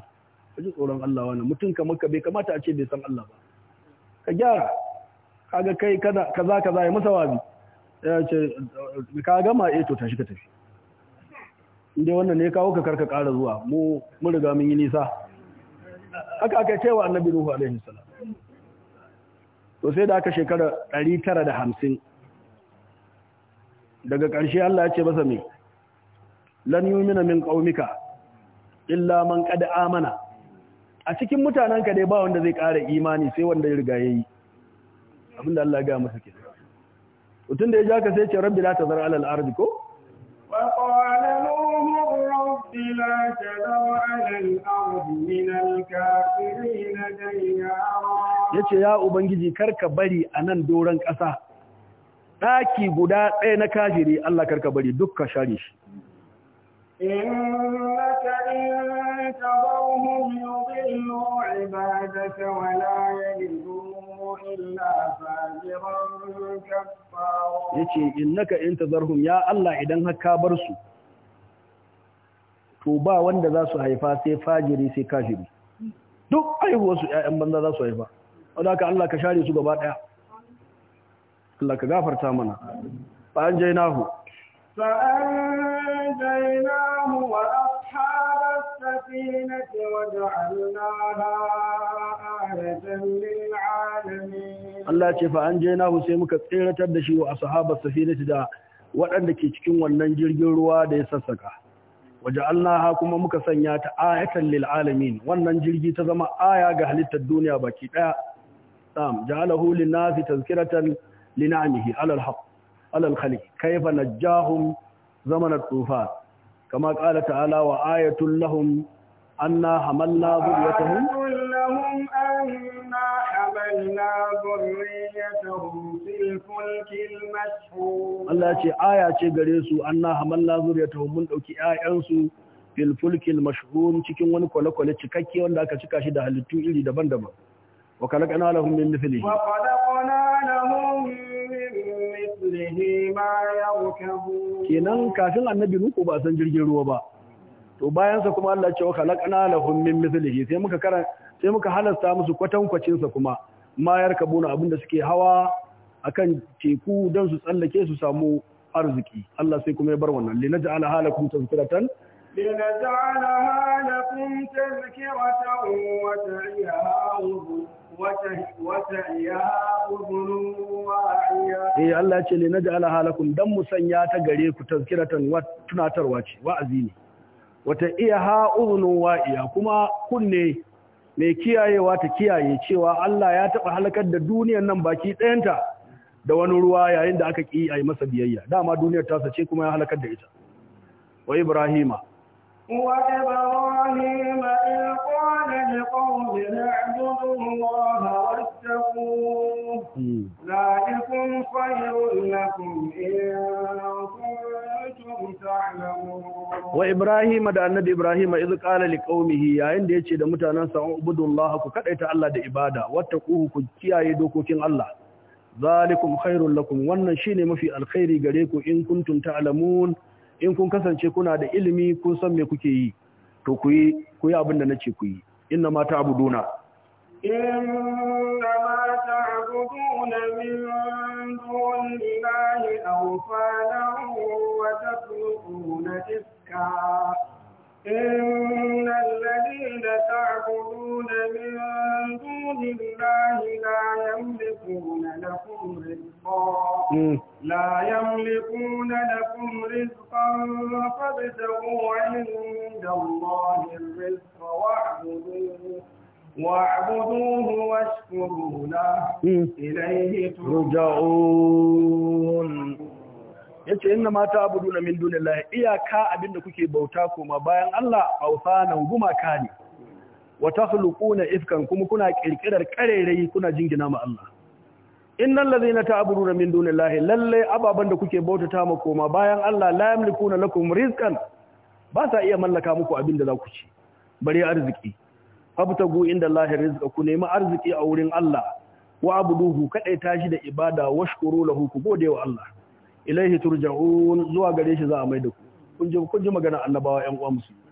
ka ji tsoron Allah wannan mutum ka maka bai kamata a ce bai san Allah ba ka gyara kaga kai kaza kaza kaza ya masa wazi ya ce ka gama eh to tashi ka tafi inda wannan ne kawo ka karka ƙara zuwa mu mun riga mun yi nisa haka aka ce wa annabi ruhu alaihi salam to sai da aka shekara ɗari tara da hamsin, daga ƙarshe Allah ya ce masa mai lan mina min qaumika illa man ƙada amana a cikin mutanenka dai ba wanda zai ƙara imani sai wanda ya riga ya yi abinda Allah ya gaya masa kenan mutum da ya ja ka sai ce rabbi la zara alal ardi ko رب لا تذر من الكافرين ديارا yace ya ubangiji karka bari a nan doron ƙasa ɗaki guda ɗaya na kafiri Allah karka bari dukka share shi innaka in tabawhum yudillu yace innaka in tazarhum ya Allah idan haka bar su to ba wanda za su haifa sai fajiri sai kafiri duk haihuwarsu ‘ya'yan banza za su haifa wadda ka Allah ka share su gaba ɗaya Allah ka gafarta mana ba an jai nahu ce fa’an jai Nahu, آية muka tseratar da shi wa a sahabar safinati da waɗanda ke cikin wannan jirgin ruwa da ya sassaka Waje allaha kuma muka sanya ta ayatan lil alamin wannan jirgi ta zama aya ga halittar duniya baki daya sam ja'alahu lin nasi tazkiratan linamihi alal haqq alal khaliq kayfa najjahum zaman at-tufan kama qala ta'ala wa ayatul lahum anna hamalna dhurriyyatahum lahum anna hamalna Allah المشحون ce aya ce gare su anna ya zuriyatahu mun dauki 'ya'yansu fil fulkil mashhun cikin wani kwale-kwale cikakke wanda aka cika shi da halittu iri daban-daban wa khalaqna lahum min mithlihi wa khalaqna lahum min mithlihi ma yarkabun kenan kafin annabi nuku ba san jirgin ruwa ba to bayan sa kuma Allah ce wa kala lahum min mithlihi sai muka sai muka halasta musu kwatankwacin sa kuma ma yarkabuna abinda suke hawa akan teku don su tsallake su samu arziki Allah sai kuma ya bar wannan Lina ja'ala halakum tazkiratan ja'ala halakum tazkiratan wa ta'iyahu Eh Allah ce Lina ja'ala halakum dan mu musanya ta gare ku tazkiratan tunatarwa ce wa'azi ne. Wata iya ha'uzunin wa'iya kuma kunne mai kiyayewa ta kiyaye cewa Allah ya taɓa halakar da duniyar nan baki ɗayanta da wani ruwa yayin da aka ƙi a yi masa biyayya dama duniyar ta sace kuma ya halakar da ita wa ibrahima wa ibrahima in qala liqawmin a'budu allaha wattaquhu hmm. zalikum khayrun lakum in kuntum ta'lamun wa ibrahima da annabi ibrahima idh qala liqaumihi yayin da yace da mutanansa ubudu allaha ku kadaita Allah da ibada wattaquhu ku kiyaye dokokin Allah zalikum khairul lakum wannan shine mafi alkhairi gare ku in kuntum ta'lamun in kun kasance kuna da ilimi kun san me kuke yi to ku yi ku yi abin da nace ku yi inna ma ta'buduna inna ma ta'buduna min dunillahi awfanan wa tatlubuna iska تعبدون من دون الله لا يملكون لكم رزقا لا يملكون لكم رزقا فابتغوا عند الله الرزق واعبدوه واعبدوه واشكروا له إليه ترجعون yace inna ma ta'buduna min dunillahi iyaka abinda kuke bauta kuma bayan Allah awsanan gumaka ne wa na ifkan kuma kuna kirkirar karerai kuna jingina ma Allah innal ladhina ta'buduna min lahi lallai ababen da kuke bautata ma koma bayan Allah la yamlikuna lakum rizqan ba sa iya mallaka muku abin da za ku ci bare arziki fabtagu inda Allah rizqa ku nemi arziki a wurin Allah wa abuduhu kadai tashi da ibada washkuru lahu ku gode wa Allah ilaihi turja'un zuwa gare shi za a mai da ku kun ji magana annabawa ƴan uwa musulmi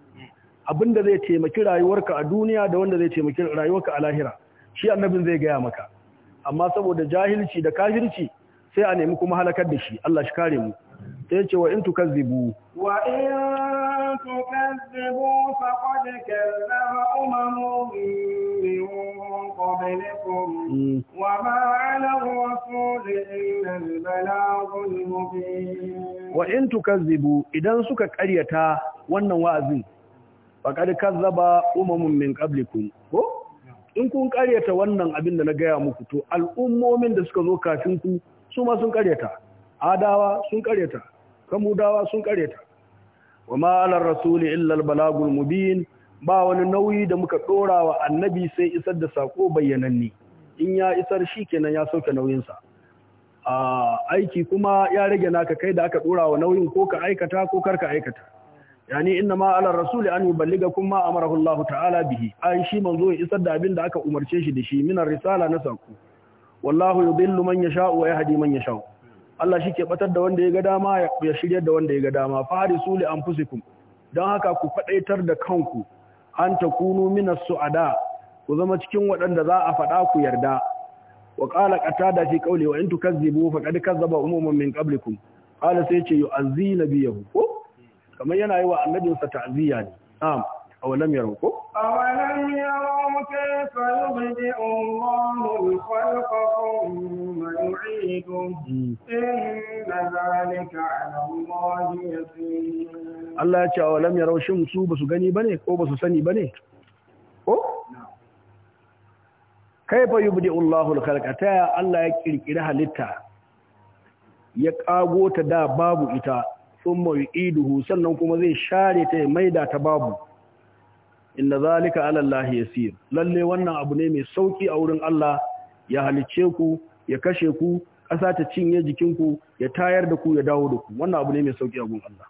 abinda zai taimaki rayuwarka a duniya da wanda zai taimaki rayuwarka a lahira shi annabin zai gaya maka amma saboda jahilci da kafirci sai a nemi kuma halakar da shi Allah shi kare mu sai ce wa in tukazzibu wa in tukazzibu faqad kallama umamun min qablikum mm. wa ma 'ala ar-rasuli illa al mubin wa in tukazzibu idan suka karyata wannan wa'azin faƙar kazzaba umamun min ƙablikun ko in kun ƙaryata wannan abin da na gaya muku to al'ummomin da suka zo kafin ku su ma sun ƙaryata, adawa sun karyata kamudawa sun ƙaryata. wa ma rasuli illa al balagul mubin ba wani nauyi da muka ɗora wa annabi sai isar da sako bayyananne in ya isar shi kenan ya sauke nauyinsa ah, aiki kuma ya rage naka kai da aka ɗora wa nauyin ko ka aikata ko kar ka aikata yani inna ma ala rasul an kum ma amara Allah ta'ala bihi ai shi manzo ya isar da abin da aka umarce shi da shi min risala na sako wallahu yudillu man yasha'u wa yahdi man yasha'u Allah shi ke batar da wanda ya ga dama ya shiryar da wanda ya ga dama farisu li anfusikum don haka ku fadaitar da kanku an takunu min as-su'ada ku zama cikin waɗanda za a faɗa ku yarda wa qala qatada fi qawli wa in tukazzibu faqad kazzaba umuman min qablikum qala sai ce yu'azzi nabiyahu ko kamar yana yi wa annabinsa ta'aziyya ne na'am awalam yaro ko awalam yaro kayfa yubdi Allahu al-khalqa thumma yu'iduhu hmm. inna dhalika 'ala Allahi yasir Allah ya ce awalam yaro shin su basu gani bane ko basu sani bane ko kaifa yubdi Allahu al-khalqa ta Allah ya kirkiri halitta ya kago ta da babu ita sun mai iduhu sannan kuma zai share ta ya da ta babu inda zalika alallahi ya siya lalle wannan abu ne mai sauki a wurin Allah ya halice ku ya kashe ku ƙasa ta cinye jikinku ya tayar da ku ya dawo da ku wannan abu ne mai sauki a gun Allah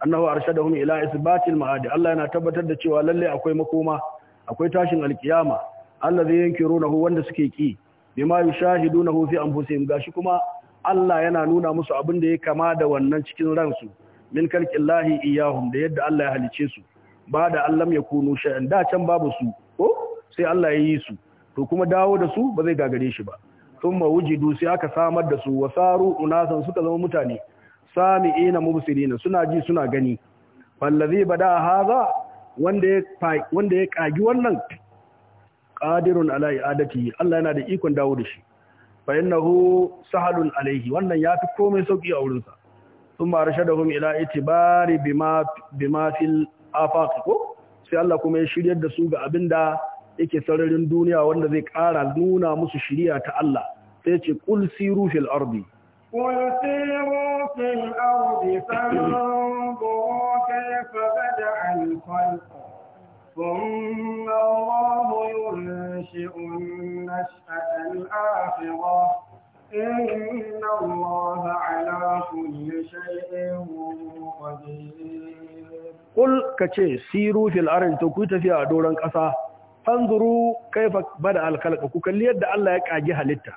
annahu arshadahum ila isbatil ma'adi Allah yana tabbatar da cewa lalle akwai makoma akwai tashin alkiyama allah zai yanke yankirunahu wanda suke ki bima yushahidunahu fi anfusihim gashi kuma Allah yana nuna musu abin da ya kama da wannan cikin ransu min lahi iyahun da yadda Allah ya halice su ba da allam ya kunu sha'an da can babu su ko sai Allah ya yi su to kuma dawo da su ba zai gagare shi ba sun wujidu sai aka samar da su wasaru unasan suka zama mutane sami'ina mubsirina suna ji suna gani fallazi bada haza wanda ya wanda ya kagi wannan qadirun ala i'adati Allah yana da ikon dawo da shi fa sahalun alaihi wannan yafi komai sauki a wurinsa da rashadahum ila itibari bima bima fil afaq ko sai Allah kuma ya shiryar da su ga abin da yake sararin duniya wanda zai ƙara nuna musu shiriya ta Allah sai ce qul siru fil ardi qul siru fil ardi fanzuru kayfa bada al Kullum babu yin shi in na shi a 'yan ase ba, inni tafiya a doron ƙasa. Hanzuru, kai fa ba da alƙalƙa, ku kalli yadda Allah ya ƙage halitta.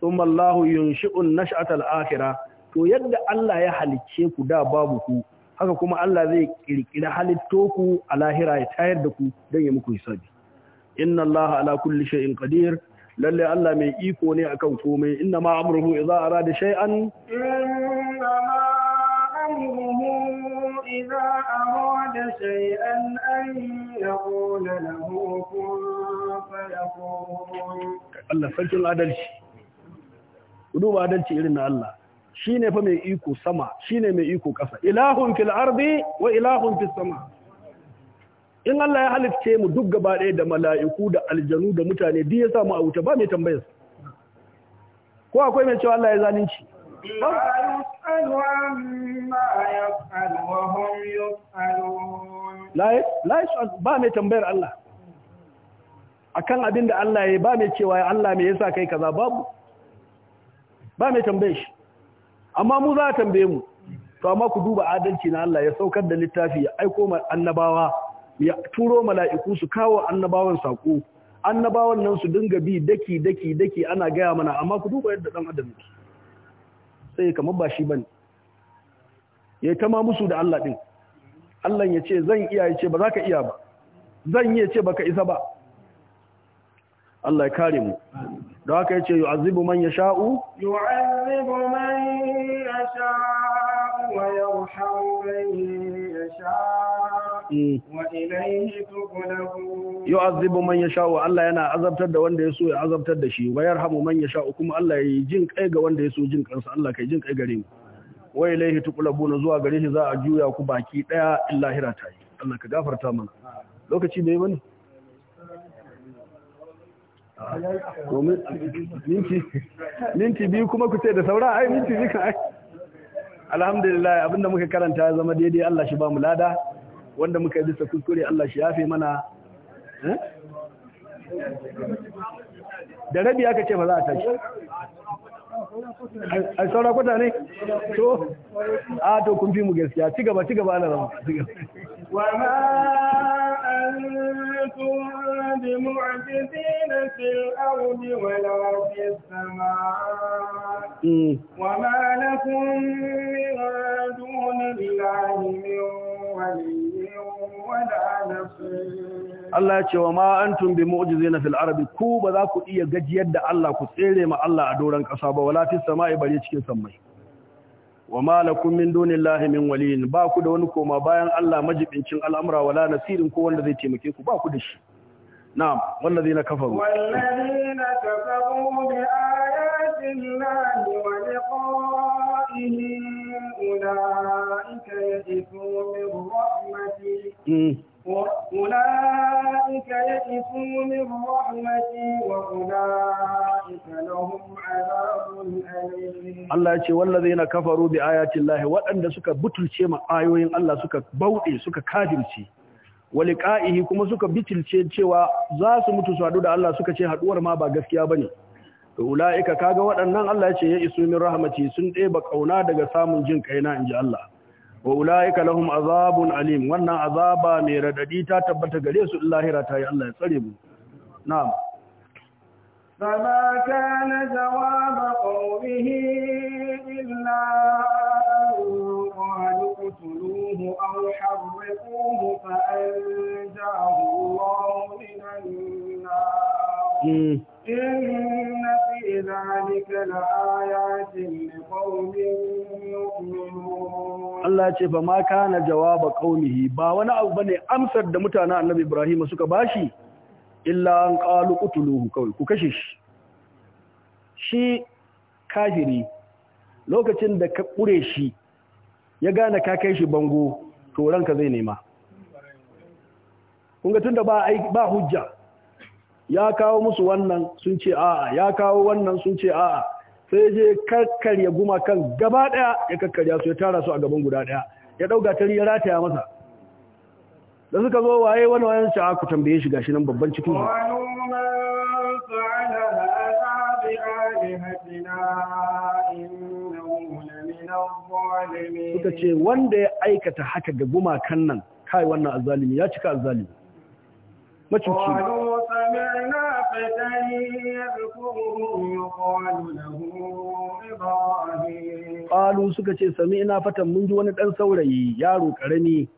Tumallahu yin shi in na shi atar To yadda Allah ya halicce ku, da babu ku. haka kuma Allah zai kirkiri halittoku a lahira ya tayar da ku don ya muku hisabi inna Allah ala kulli shay'in qadir lalle Allah mai iko ne akan komai inna ma amruhu idza arada shay'an inna ma amruhu idza arada shay'an an yaqula lahu kun fayakun Allah sarkin adalci duba adalci irin na Allah Shi ne fa mai iko sama shi ne mai iko ƙasa ilahun fil ardi wa ilahun fis sama in Allah ya halicce mu duk gaba ɗaya da mala'iku da aljanu da mutane duk ya samu a wuta ba mai tambayar ko akwai mai cewa Allah ya zalunci ba mai tambayar Allah akan abin da Allah ya ba mai cewa Allah me yasa kai kaza babu ba mai tambayar shi amma mu za a tambaye mu to amma ku duba adalci na Allah ya saukar da littafi ya aiko ma annabawa ya turo mala'iku su kawo annabawan sako annabawan nan su dinga bi daki daki daki ana gaya mana amma ku duba yadda dan adam yake sai kamar ba shi bane yayi ta ma musu da Allah din Allah ya ce zan iya ya ce ba za ka iya ba zan iya ce baka isa ba Allah ya kare mu da haka yace yu'azzibu man yasha'u yu'azzibu man yasha'u wa yarhamu man mm. Allah yana azabtar da wanda yaso ya azabtar da shi wa yarhamu man yasha'u kuma Allah yayi jin kai ga wanda yaso jin kansa Allah kai jin kai gare mu wa ilayhi tuqlabuna zuwa gare shi za a juya ku baki daya in lahira ta yi Allah ka gafarta mana lokaci bai bane minti biyu kuma ku ce da saura ai minti biyu kan ai alhamdulillah abinda muka karanta ya zama daidai Allah shi ba mu lada wanda muka yi bisa kuskure Allah shi yafe mana eh? da rabi aka ce ba za a tashi a saura kwata ne to a to kun fi mu gaskiya ci gaba ci gaba na rama وما أنتم بمعجزين في الأرض ولا في السماء وما لكم من دون الله من ولي ولا نصير Allah ya ce wa ma antum bi mu'jizina fil arabi ku ba za ku iya gajiyar da Allah ku tsere ma Allah a doran ƙasa ba wala fis sama'i bare cikin sammai wa malakum min dunillahi min waliyin ba ku da wani koma bayan Allah majibincin al'amura wala nasirin ko wanda zai taimake ku ba ku da shi na'am wallazina kafaru wallazina kafaru bi ayati wa liqa'ihi ulaika min rahmatihi hmm. أولئك يئسوا من رحمتي وأولئك لهم عذاب أليم الله يقول والذين كفروا بآيات الله وأن سكا بطلشي ما آيوين الله سكا بوئي سكا كادمشي walika'ihi kuma suka bitilce cewa za su mutu su haɗu da Allah suka ce haɗuwar ma ba gaskiya bane to ula'ika kaga waɗannan Allah ya ce ya isu min rahmati sun ɗeba kauna daga samun jin kaina inji Allah wa ula’ika lahum azabun alim wannan azaba mai raɗaɗi ta tabbata gare su lahira ta yi Allah ya tsare mu na’am zama ka na zawa maƙaunihi illa ruwa ne kuturu mu an harbe kuma ka’an ja’ahu wa إن في ذلك لآيات لقوم يؤمنون الله يقول فما كان جواب قومه باونا أو بني أمسر دمتانا النبي إبراهيم سكا باشي إلا أن قالوا قتلوه كوي كوكشش شي kafiri lokacin da ka ƙure shi ya gane ka kai shi bango to ranka zai nema kunga tun da ba hujja ya kawo musu wannan sun ce a'a ya kawo wannan sun ce a'a sai je karkar ya guma kan gaba daya ya karkarya su ya tara su a gaban guda daya ya dauka tari ya rataya masa da suka zo waye wani wayan sa ku tambaye shi gashi nan babban cikin su suka ce wanda ya aikata haka ga gumakan nan kai wannan azzalimi ya cika azzalimi macuci Ƙalu suka ce, Sami ina fatan mun ji wani ɗan saurayi yaro ƙarami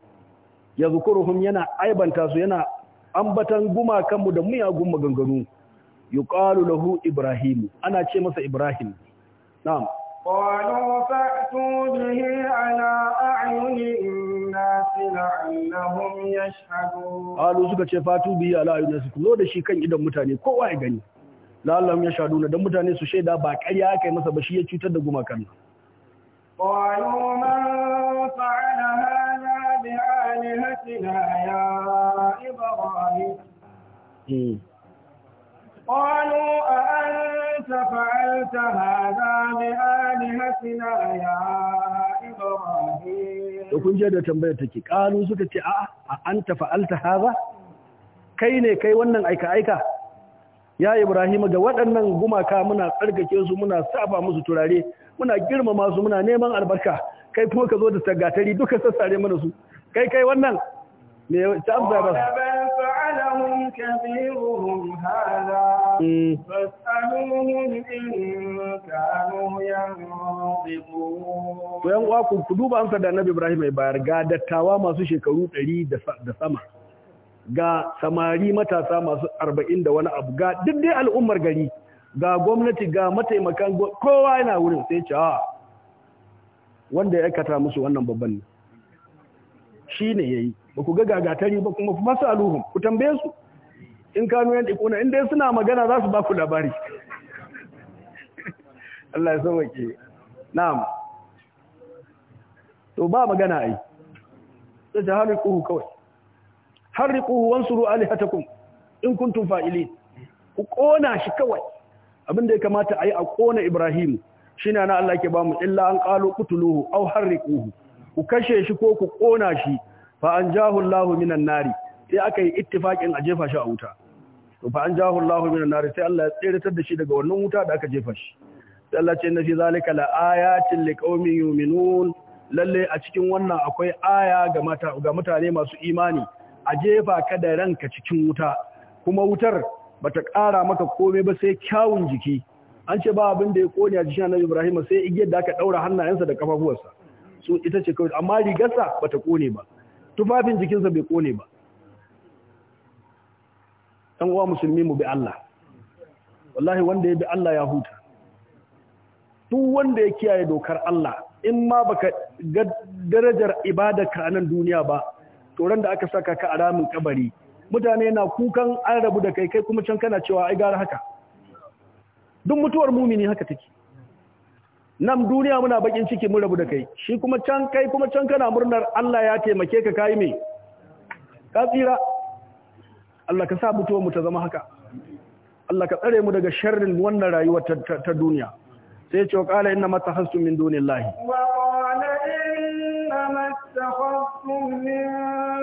ya zukurhum yana aibanta su yana ambatan gumakanmu kanmu da miyagun maganganu. Yi ƙalu lahu Ibrahim, ana ce masa Ibrahim. Na'am. Ƙalu fa'atu bihi ala لعلهم suka ce fatu biyu ala ayyuna su zo da shi kan idan mutane kowa ya gani shaɗu na don mutane su shaida ba ƙarya aka yi masa ba shi ya cutar da gumakan nan قالوا من فعل هذا بآلهتنا يا إبراهيم قالوا أأنت فعلت هذا بآلهتنا يا Da kun je da tambayar take kalu suka ce an ta fa'alta haza kai ne kai wannan aika aika ya Ibrahim ga waɗannan gumaka muna tsarkake su muna safa musu turare muna girmama su muna neman albarka kai kuma ka zo da tagatari duka sassare mana su kai kai wannan me ta amsa ba فاسألوهم mm. yan ku duba amsar da Annabi Ibrahim mai bayar ga dattawa masu shekaru 100 da sama ga samari matasa masu 40 da wani abu ga duk al'ummar gari ga gwamnati ga mataimakan kowa yana wurin sai cewa, ah, wanda ya aikata musu wannan babban ne shi ne ya yi ba ku ga gagatari ba kuma masu aluhun ku tambaye su in kanu yan ɗikuna in dai suna magana za su ba ku labari Allah ya sauwake na'am to ba magana ai sai ta ku kawai harriquhu wansuru alihatakum in kuntum fa'ilin ku kona shi kawai abin da ya kamata ai a kona Ibrahim shine na Allah yake ba mu illa an qalu qutluhu aw hariquhu ku kashe shi ko ku kona shi fa anjahu Allahu minan nari sai aka yi ittifaqin a jefa shi a wuta to fa an jahu Allahu minan nar sai Allah ya tsiratar da shi daga wannan wuta da aka jefa shi sai Allah ce inna fi zalika la ayatin liqaumin yu'minun lalle a cikin wannan akwai aya ga mata ga mutane masu imani a jefa ka da ranka cikin wuta kuma wutar bata ƙara maka komai ba sai kyawun jiki an ce ba abin da ya kone a jikin Annabi Ibrahim sai igiyar da aka daura hannayensa da kafafuwarsa su ita ce kawai amma rigarsa bata kone ba tufafin jikinsa bai kone ba ɗan uwa musulmi mu bi Allah wallahi wanda ya bi Allah ya huta duk wanda ya kiyaye dokar Allah in ma baka ga darajar ibadarka a nan duniya ba to da aka saka ka a ramin kabari mutane na kukan an rabu da kai kai kuma can kana cewa ai gara haka duk mutuwar mumini haka take nan duniya muna bakin ciki mun rabu da kai shi kuma can kai kuma can kana murnar Allah ya taimake ka kai me ka tsira Allah ka sa mutuwar mu ta zama haka Allah ka tsare mu daga sharrin wannan rayuwa ta duniya sai ya ce wa qala inna matakhastum min dunillahi wa qala inna matakhastum min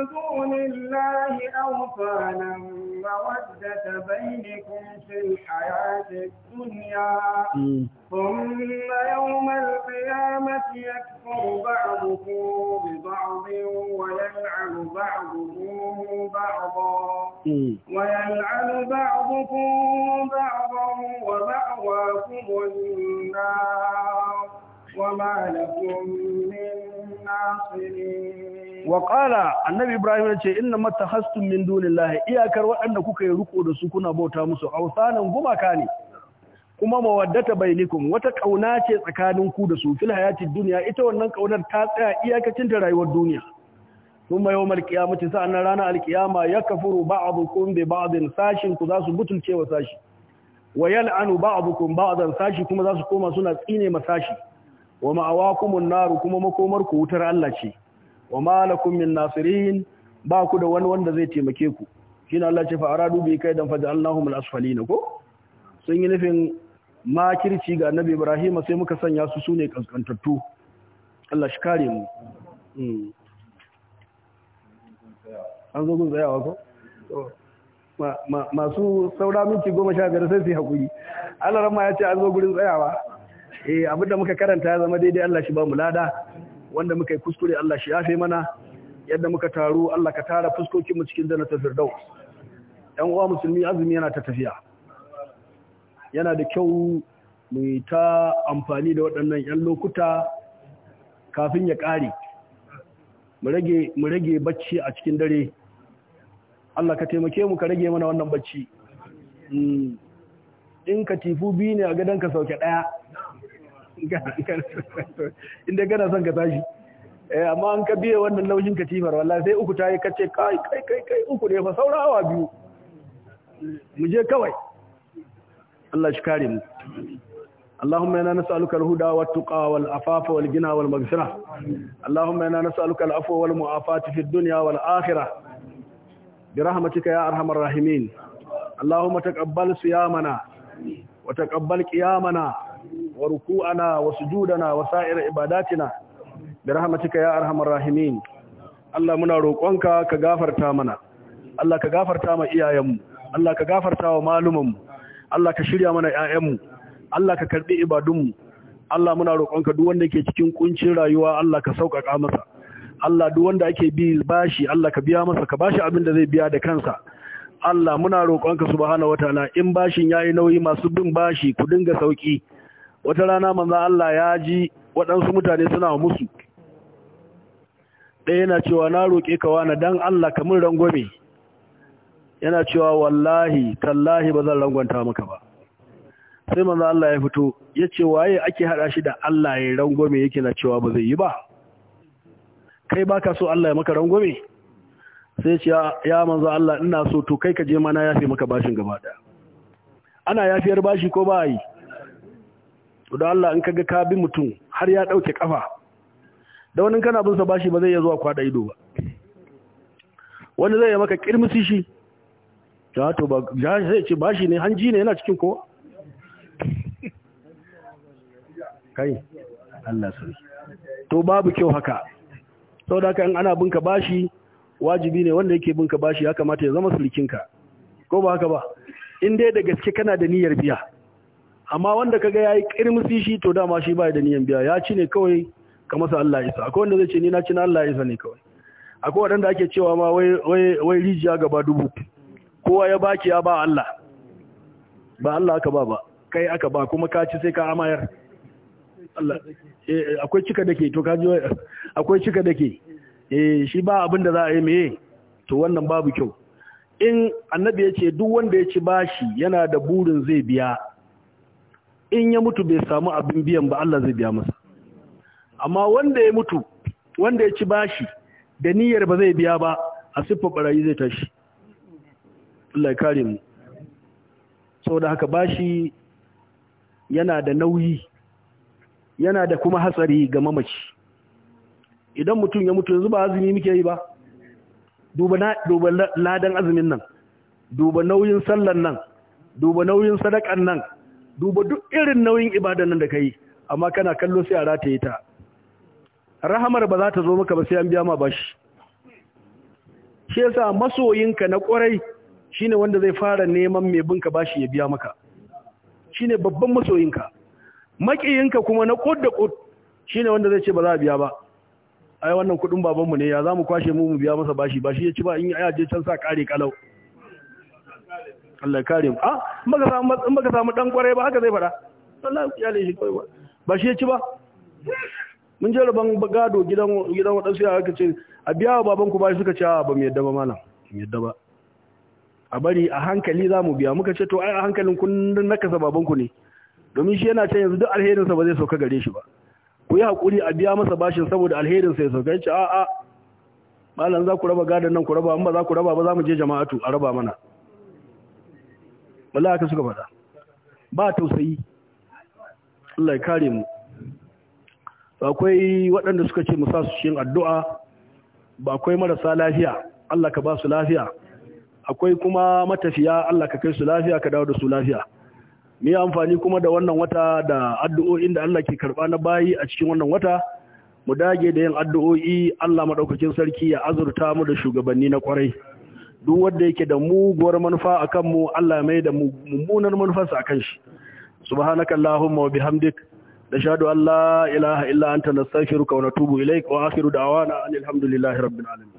dunillahi awfanan mawaddata bainakum fil hayati dunya hmm. wa annabi ibrahim ya ce mata hastun min dunillahi iyakar waɗanda kuka yi riko da su kuna bauta musu nan gumaka ne kuma mawaddata bainikum wata ƙauna ce tsakanin ku da su fil hayati duniya ita wannan ƙaunar ta tsaya iyakacin ta rayuwar duniya kuma yawmal qiyamati sa'annan ranar alqiyama yakfuru ba'dukum ba ba'din sashin ku za su butulce wa sashi wa yal'anu a zan sashi kuma za su koma suna tsine masashi wa kuma naru kuma makomar ku wutar Allah ce wa malakum min nasirin ba ku da wani wanda zai taimake ku shine Allah ce fa aradu bi kaidan faj'alnahum al-asfalin ko sun yi nufin makirci ga annabi Ibrahim sai muka sanya su sune kaskantattu Allah shi kare mu hmm. an zo gunzaya tsayawa ko masu saura minti goma sha biyar sai su haƙuri Allah rama ya ce an zo gurin tsayawa eh abinda muka karanta ya zama daidai Allah shi ba mu lada wanda muka yi kuskure Allah shi yafe mana yadda muka taru Allah ka tara fuskokin mu cikin jannatul firdaus ɗan uwa musulmi azumi yana ta tafiya yana da kyau mu ta amfani da waɗannan 'yan lokuta kafin ya ƙare mu rage bacci a cikin dare Allah ka taimake mu ka rage mana wannan bacci hmm. in katifu biyu ne a gadon ka sauke ɗaya inda gana son ka tashi eh, amma an ka biye wannan laushin katifar wallahi sai uku tayi kace kai kai kai kai uku ne fa saura awa biyu mu je kawai Allah shi kare mu اللهم انا نسالك الهدى والتقى والعفاف والغنى والمغفرة اللهم انا نسالك العفو والمعافاة في الدنيا rahimin. برحمتك يا ارحم الراحمين اللهم تقبل صيامنا وتقبل قيامنا wa ruku'ana wa sujudana wa sa'ir ibadatina bi rahmatika ya arhamar rahimin Allah muna roƙonka ka gafarta mana Allah ka gafarta ma iyayenmu Allah ka gafarta wa malumanmu Allah ka shirya mana ƴaƴanmu Allah ka karbi ibadunmu Allah muna roƙonka duk wanda yake cikin kuncin rayuwa Allah ka sauƙaƙa masa Allah duk wanda ake bi bashi Allah ka biya masa ka bashi abin da zai biya da kansa Allah muna roƙonka subhanahu wataala in bashin yayi nauyi masu bin bashi ku dinga sauki wata rana manza Allah ya ji waɗansu mutane suna musu ɗaya yana cewa na roƙe ka na don Allah kamun rangwame yana cewa wallahi tallahi ba zan rangwanta maka ba sai manza Allah ya fito ya ce waye ake haɗa shi da Allah ya rangwame yake na cewa ba zai yi ba kai baka so Allah ya maka rangwame sai ce ya manza Allah ina so to kai ka je mana yafe maka bashin gaba ana yafiyar bashi ko ba yi to da Allah in kaga ka bi mutum har ya dauke kafa da wani kana bin sa bashi ba zai iya zuwa kwada ido ba wani zai yi maka kirmisi shi ja to ba ja sai ce bashi ne hanji ne yana cikin kowa kai Allah sai to babu kyau haka saboda haka in ana binka bashi wajibi ne wanda yake binka bashi ya kamata ya zama sulkinka ko ba haka ba in dai da gaske kana da niyyar biya amma wanda ka ya yayi kirmisi shi to dama shi bai da niyan biya ya ci ne kawai ka masa Allah isa akwai wanda zai ce ni na ci na Allah isa ne kawai akwai wadanda ake cewa ma wai wai wai rijiya gaba dubu kowa ya baki ya ba Allah ba Allah aka ba ba kai aka ba kuma ka ci sai ka amayar Allah eh, eh akwai cika dake to kaji akwai cika dake eh shi ba abin da za a yi meye to wannan babu kyau in annabi ya ce duk wanda ya ci bashi yana da burin zai biya in ya mutu bai samu abin biyan ba Allah zai biya masa amma wanda ya mutu wanda ya ci bashi da niyyar ba zai biya ba a siffa barayi zai tashi Allah ya kare mu saboda haka bashi yana da nauyi yana da kuma hatsari ga mamaci idan mutum ya mutu yanzu ba azumi muke yi ba duba ladan azumin nan duba nauyin sallan nan duba nauyin sadakan nan duba duk irin nauyin ibadan nan da kai amma kana kallo sai a rataye ta rahamar ba za ta zo maka ba sai an biya ma bashi shi yasa masoyinka na kwarai shine wanda zai fara neman mai ka bashi ya biya maka shine babban masoyinka makiyinka kuma na kod da kod shine wanda zai ce ba za a biya ba ai wannan kudin babanmu ne ya Za mu kwashe mu mu biya masa bashi bashi ya ci ba in ya je can sa kare kalau Allah kare mu a ah, maka samu in maka samu dan kwarai ba haka zai fada Allah ya kiyale shi kai ba ba shi ya ci ba mun je rabon gado gidan gidan wadan ya aka ce a biya wa babanku ba suka ce ba mu yadda ba malam mu yadda ba a bari a hankali za mu biya muka ce to ai a hankalin kun na baban babanku ne domin shi yana can yanzu duk alherinsa ba zai sauka gare shi ba ku yi hakuri a biya masa bashin saboda alherinsa ya sauka ya ce a'a malam za ku raba gadon nan ku raba in ba za ku raba ba za mu je jama'atu a raba mana Wala aka suka faɗa ba tausayi Allah ya kare mu akwai waɗanda suka ce musa su cikin addu'a ba akwai marasa lafiya Allah ka ba su lafiya akwai kuma matafiya Allah ka kai su lafiya ka dawo da su lafiya mu amfani kuma da wannan wata da addu'o'in da Allah ke karba na bayi a cikin wannan wata mu dage da yin addu'o'i Allah madaukakin sarki ya azurta mu da shugabanni na kwarai duk wanda yake da muguwar manufa akan mu Allah mai da mummunar manufarsa akan shi subhanaka allahumma wa bihamdik nashhadu an la ilaha illa anta nastaghfiruka wa natubu ilaik wa akhiru da'wana alhamdulillahi rabbil alamin